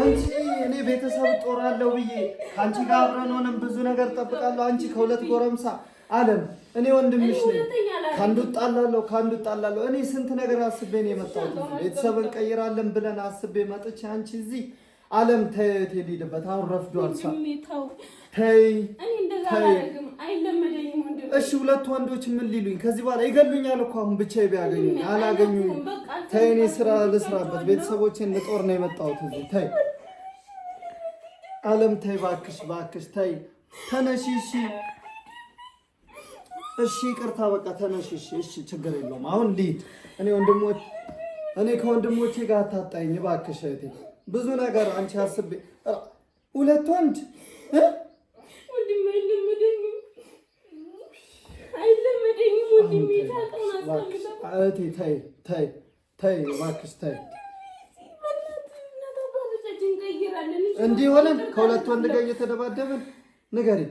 አንቺ እኔ ቤተሰብ እጦራለሁ ብዬ ከአንቺ ጋር አብረን ሆነን ብዙ ነገር እጠብቃለሁ። አንቺ ከሁለት ጎረምሳ አለም እኔ ወንድምሽ ነኝ። ከአንዱ እጣላለሁ፣ ከአንዱ እጣላለሁ። እኔ ስንት ነገር አስቤ ነው የመጣሁት። ቤተሰብ እንቀይራለን ብለን አስቤ መጥቼ አንቺ እዚህ አለም ተየት የሌለበት አሁን ረፍዷል። እሺ፣ ሁለት ወንዶች ምን ሊሉኝ ከዚህ በኋላ ይገሉኛል እኮ አሁን ብቻ ቢያገኙኝ አላገኙኝ። ተይ እኔ ስራ ልስራበት፣ ቤተሰቦቼን ልጦር ነው የመጣሁት እዚህ። ተይ አለም ተይ፣ ባክሽ ባክሽ፣ ተይ ተነሺ። እሺ እሺ፣ ይቅርታ በቃ ተነሺ። እሺ፣ ችግር የለውም። አሁን ልሂድ እኔ ወንድሞቼ እኔ ከወንድሞቼ ጋር አታጣይኝ እባክሽ እህቴ ብዙ ነገር አንቺ አስቤ ሁለት ወንድ እንዲህ ሆነን ከሁለት ወንድ ጋር እየተደባደብን ንገሪ።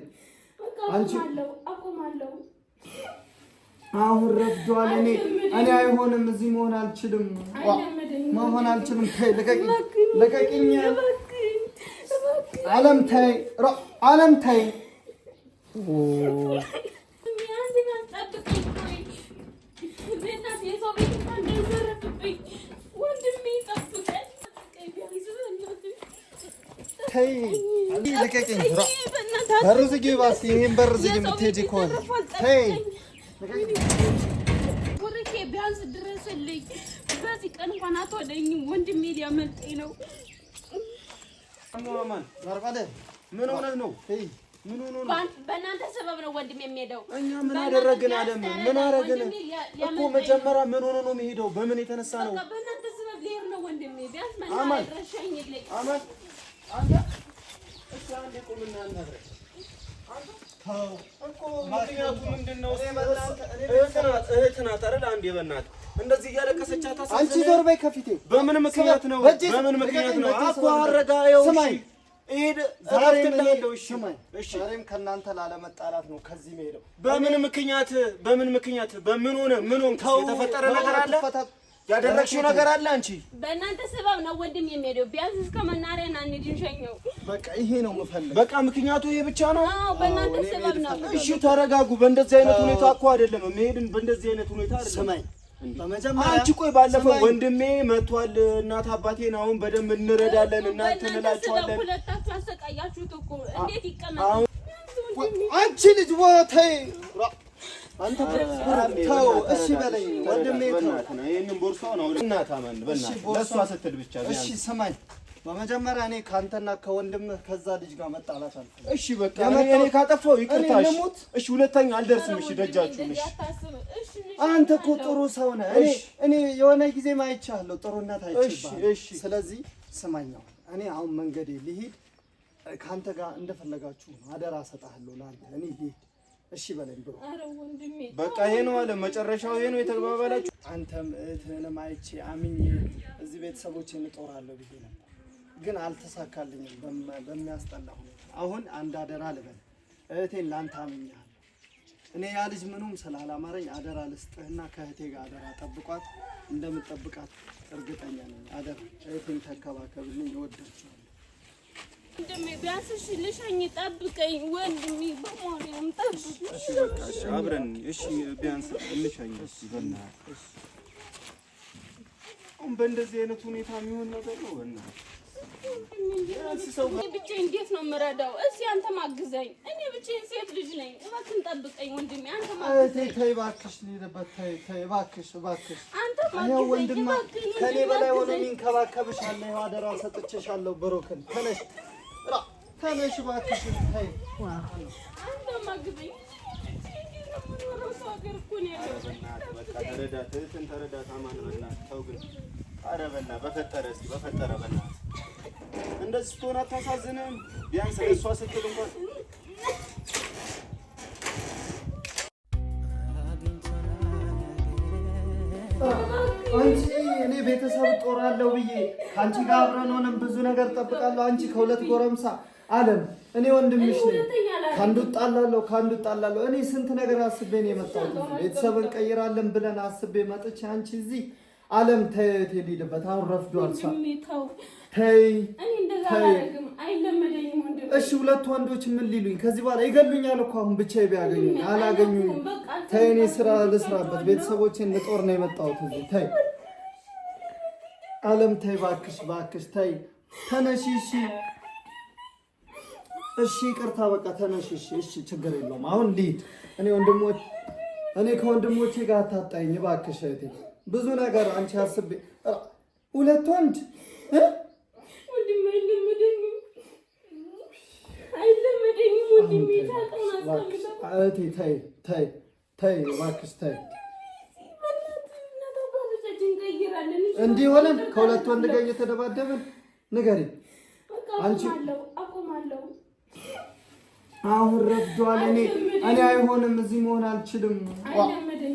አንቺ አሁን ረፍዷል። እኔ እኔ አይሆንም፣ እዚህ መሆን አልችልም፣ መሆን አልችልም። ተይ ልቀቂ ለቀቂኝ። አለም ተይ፣ አለም ተይ። ተይ አለም ተይ ተይ በር ዝጊ። የምትሄጂ ከሆነ ተይ አለኝ። በዚህ ቀን እንኳን አትወደኝም። ወንድሜ ሊያመልጠኝ ነው። ምን ሆነህ ነው? ምን ሆኖ ነው? በእናንተ ሰበብ ነው ወንድሜ የሚሄደው። እኛ ምን አደረግን? አለም ምን አደረግን እኮ መጀመሪያ ምን ሆኖ ነው የሚሄደው? በምን የተነሳ ነው? በእናንተ ሰበብ ሊሄድ ነው ወንድሜ። ቢያንስ መናገር ረሻኝ ይለኝ። አማን አንተ እሺ፣ አንዴ ቁምና እናድረግ እኮ ምክንያቱ ምንድን ነው? እህት ናት አይደል? አንዴ በእናትህ እንደዚህ እያለቀሰች አንቺ ዞር በይ ከፊቴ። በምን ምክንያት ነው? በምን ምክንያት ነው? አኮ አረጋየው ስማኝ። ዛሬም ከእናንተ ላለመጣላት ነው ከዚህ የምሄደው። በምን ምክንያት በምን ምክንያት በምን ሆነ ምን ሆነ? የተፈጠረ ነገር አለ? ያደረግሽው ነገር አለ? አንቺ በእናንተ ሰበብ ነው ወንድም የሚሄደው። ቢያንስ እስከ መናሪያ ና እንሂድ እንሸኘው። በቃ ይሄ ነው የምፈልግ። በቃ ምክንያቱ ይሄ ብቻ ነው። አዎ በእናንተ ሰበብ ነው። እሺ ተረጋጉ። በእንደዚህ አይነት ሁኔታ እኮ አይደለም መሄድን፣ በእንደዚህ አይነት ሁኔታ አይደለም። ስማኝ አንቺ ቆይ ባለፈው ወንድሜ መጥቷል፣ እናት አባቴን አሁን በደንብ እንረዳለን እና እንላቸዋለን። አንቺ ልጅ ተይ፣ አንተ ተው፣ እሺ በለኝ ወንድሜ። ይሄንን ቦርሳውን አውልቅ፣ እናት አማን፣ በእናትህ ለእሷ ስትል ብቻ እሺ። ስማኝ በመጀመሪያ እኔ ካንተና ከወንድም ከዛ ልጅ ጋር መጣላት አልኩ። እሺ በቃ እኔ ካጠፋው ይቅርታ። እሺ ሁለተኛ አልደርስም። እሺ ደጃችሁ። እሺ አንተ እኮ ጥሩ ሰው ነህ። እሺ እኔ የሆነ ጊዜ ማይቻለሁ ጥሩነት አይቻለሁ። እሺ ስለዚህ ስማኛው፣ እኔ አሁን መንገዴ ልሂድ። ካንተ ጋር እንደፈለጋችሁ አደራ ሰጣለሁ። ለአንተ እኔ ልሂድ። እሺ በለኝ ብሎ በቃ ይሄ ነው አለ። መጨረሻው ይሄ ነው የተግባባላችሁ። አንተም እህትህንም አይቼ አምኜ እዚህ ቤተሰቦቼን እጦራለሁ ብዬ ነበር ግን አልተሳካልኝም በሚያስጠላ ሁኔታ። አሁን አንድ አደራ ልበል እህቴን ላንተ አምኛለሁ። እኔ ያ ልጅ ምኑም ስላላማረኝ አደራ ልስጥህና ከእህቴ ጋር አደራ ጠብቋት፣ እንደምጠብቃት እርግጠኛ ነኝ። አደራ እህቴን ተከባከብልኝ፣ እወዳችኋለሁ። ቢያንስ ልሸኝ፣ ጠብቀኝ ወንድሜ፣ በሞሪም ጠብቀኝ። አብረን እሺ፣ ቢያንስ ልሸኝ በእንደዚህ አይነት ሁኔታ የሚሆን ነገር ነው ብቻ እንዴት ነው የምረዳው? እስኪ አንተ ማግዘኝ እኔ ብቻዬን ሴት ልጅ ነኝ። እባክህን ጠብቀኝ ወንድሜ። አንተም አግዘኝ። ተይ እባክሽ፣ እባክሽ፣ እባክሽ። አንተም አግዘኝ ከኔ በላይ ሆኖ የሚንከባከብሽ ይኸው አደራ ሰጥቼሻለሁ። ብሩክን ተነሽ፣ ተነሽ እባክሽ። ተይ አንተም አግዘኝ። ተረዳት፣ ተረዳት። አማን በእናትህ ተው ግን። ኧረ በእናትህ በፈጠረ፣ እስኪ በፈጠረ በእናትህ እንደዚህ ስትሆን አታሳዝንም? ቢያንስ ለእሷ ስትል እንኳን አንቺ እኔ ቤተሰብ እጦራለሁ ብዬ ከአንቺ ጋር አብረን ሆነን ብዙ ነገር ጠብቃለሁ አንቺ ከሁለት ጎረምሳ አለም እኔ ወንድምሽ ነኝ። ከአንዱ እጣላለሁ ከአንዱ እጣላለሁ። እኔ ስንት ነገር አስቤ ነው የመጣሁት። ቤተሰብ እንቀይራለን ብለን አስቤ መጥቼ አንቺ እዚህ አለም ተየት የሌለበት አሁን ረፍዷል። ተይ እሺ፣ ሁለት ወንዶች ምን ሊሉኝ ከዚህ በኋላ ይገሉኛል እኮ አሁን ብቻ ቢያገኙኝ አላገኙኝ። ተይ እኔ ስራ ልስራበት፣ ቤተሰቦቼን ልጦር ነው የመጣሁት። ተይ አለም ተይ፣ ባክሽ ባክሽ፣ ተይ ተነሺ። እሺ እሺ፣ ይቅርታ በቃ ተነሺ። እሺ፣ ችግር የለውም አሁን ልሂድ። እኔ ወንድሞቼ እኔ ከወንድሞቼ ጋር አታጣይኝ እባክሽ እህቴ ብዙ ነገር አንቺ አስቤ ሁለት ወንድ እባክሽ ተይ። እንዲህ ሆነን ከሁለት ወንድ ጋር እየተደባደብን ንገሪኝ። አንቺ አሁን ረፍዷል። እኔ እኔ አይሆንም፣ እዚህ መሆን አልችልም።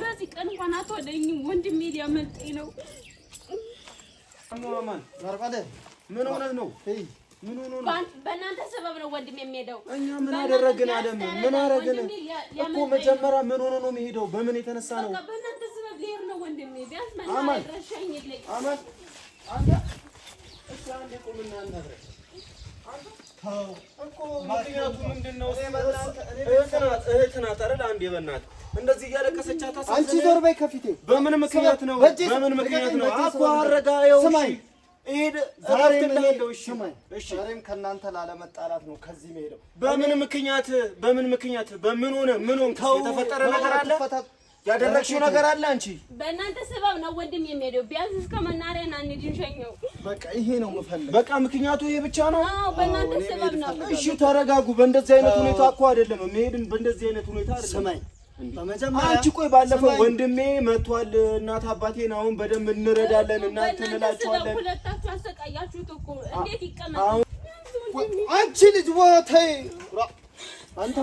በዚህ ቀን እንኳን አትወደኝም። ወንድሜ ሊያመልጠኝ ነው። ምን ሆነህ ነው? ምን ሆኖ ነው? በእናንተ ሰበብ ነው ወንድም የሚሄደው። እኛ ምን አደረግን? አለም ምን አደረግን እኮ መጀመሪያ ምን ሆኖ ነው የሚሄደው? በምን የተነሳ ነው? በእናንተ ሰበብ ሊሄድ ነው ወንድሜ። ቢያንስ መናገር ረሻኝ የለኝ አማን አንተ እሷ አንዴ ቁምና እናድረግ እህት ናት አይደል? አንዴ በእናትህ እንደዚህ እያለቀሰቻት አንቺ ዞር በይ ከፊቴ። በምን ምክንያት ነው? በምን ምክንያት ነው? ዛሬም ከእናንተ ላለመጣላት ነው ከዚህ የምሄደው። በምን ምክንያት? በምን ምክንያት? በምን ሆነ? ምን ሆነ? የተፈጠረ ነገር አለ ያደረግሽው ነገር አለ አንቺ። በእናንተ ስበብ ነው ወንድም የሚሄደው። ቢያንስ እስከ መናሪያ ና እንሂድ እንሸኘው። በቃ ይሄ ነው የምፈልግ። በቃ ምክንያቱ ይሄ ብቻ ነው። አዎ በእናንተ ስበብ ነው። እሺ ተረጋጉ። በእንደዚህ አይነት ሁኔታ እኮ አይደለም መሄድም፣ በእንደዚህ አይነት ሁኔታ አይደለም። ስማኝ አንቺ ቆይ ባለፈው ወንድሜ መጥቷል፣ እናት አባቴን አሁን በደንብ እንረዳለን እና እንላቸዋለን። ሁለታችሁ አሰቃያችሁት እኮ እንዴት ይቀመጥ አንቺ ልጅ ወተይ አንተ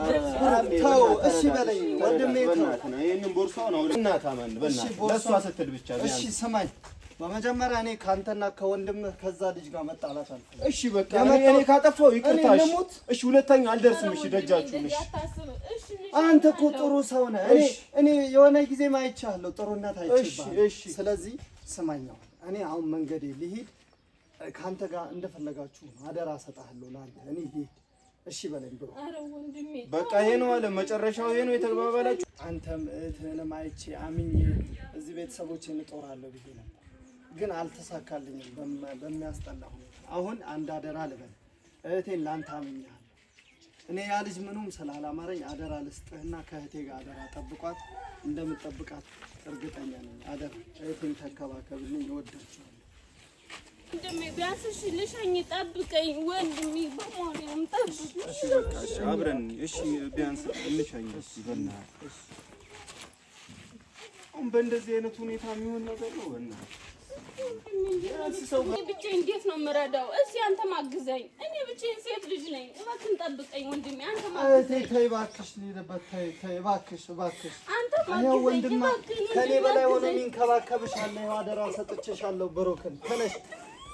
ተው እሺ በለኝ ወንድሜ፣ ስትል ብቻ እሺ ስማኝ። በመጀመሪያ እኔ ከአንተና ከወንድምህ ከዛ ልጅ ጋር መጣላት አልፈልግም። እሺ በቃ እኔ ካጠፋሁ ይቅርታ። እሺ ሁለተኛ አልደርስም። እሺ ደጃችሁ። እሺ አንተ እኮ ጥሩ ሰው ነህ። እኔ የሆነ ጊዜ ማይቻለሁ ጥሩነት አይችልም። እሺ ስለዚህ ስማኝ፣ እኔ አሁን መንገዴ ልሂድ። ከአንተ ጋር እንደፈለጋችሁ አደራ እሰጥሃለሁ። ለአንተ እኔ ልሂድ እሺ በለኝ ብሎ በቃ ይሄ ነው አለ። መጨረሻው ይሄ ነው የተባባላችሁ። አንተም እህትህንም አይቼ አምኜ እዚህ ቤተሰቦቼን እጦራለሁ ብዬ ነበር፣ ግን አልተሳካልኝም በሚያስጠላ ሁኔታ። አሁን አንድ አደራ ልበል፣ እህቴን ላንተ አምኜሃለሁ። እኔ ያ ልጅ ምኑም ስላላማረኝ አደራ ልስጥህና ከእህቴ ጋር አደራ ጠብቋት፣ እንደምጠብቃት እርግጠኛ ነኝ። አደራ እህቴን ተከባከብልኝ፣ እወዳችኋለሁ ጠብቀኝ፣ ወንድሜ አሁን በእንደዚህ አይነት ሁኔታ የሚሆን ነገር ነው። ብቻዬን እንዴት ነው የምረዳው? እስኪ አንተም አግዘኝ። እኔ ብቻዬን ሴት ልጅ ነኝ። እባክህን ጠብቀኝ ወንድሜ። አንተም አግዘኝ። ተይ እባክሽ፣ ልሄድበት። ተይ ተይ፣ እባክሽ እባክሽ። አንተም አግዘኝ ወንድሜ። ከእኔ በላይ ሆኖ የሚንከባከብሽ አለ። አደራ ሰጥቼሻለሁ ብሩክን። ተነሽ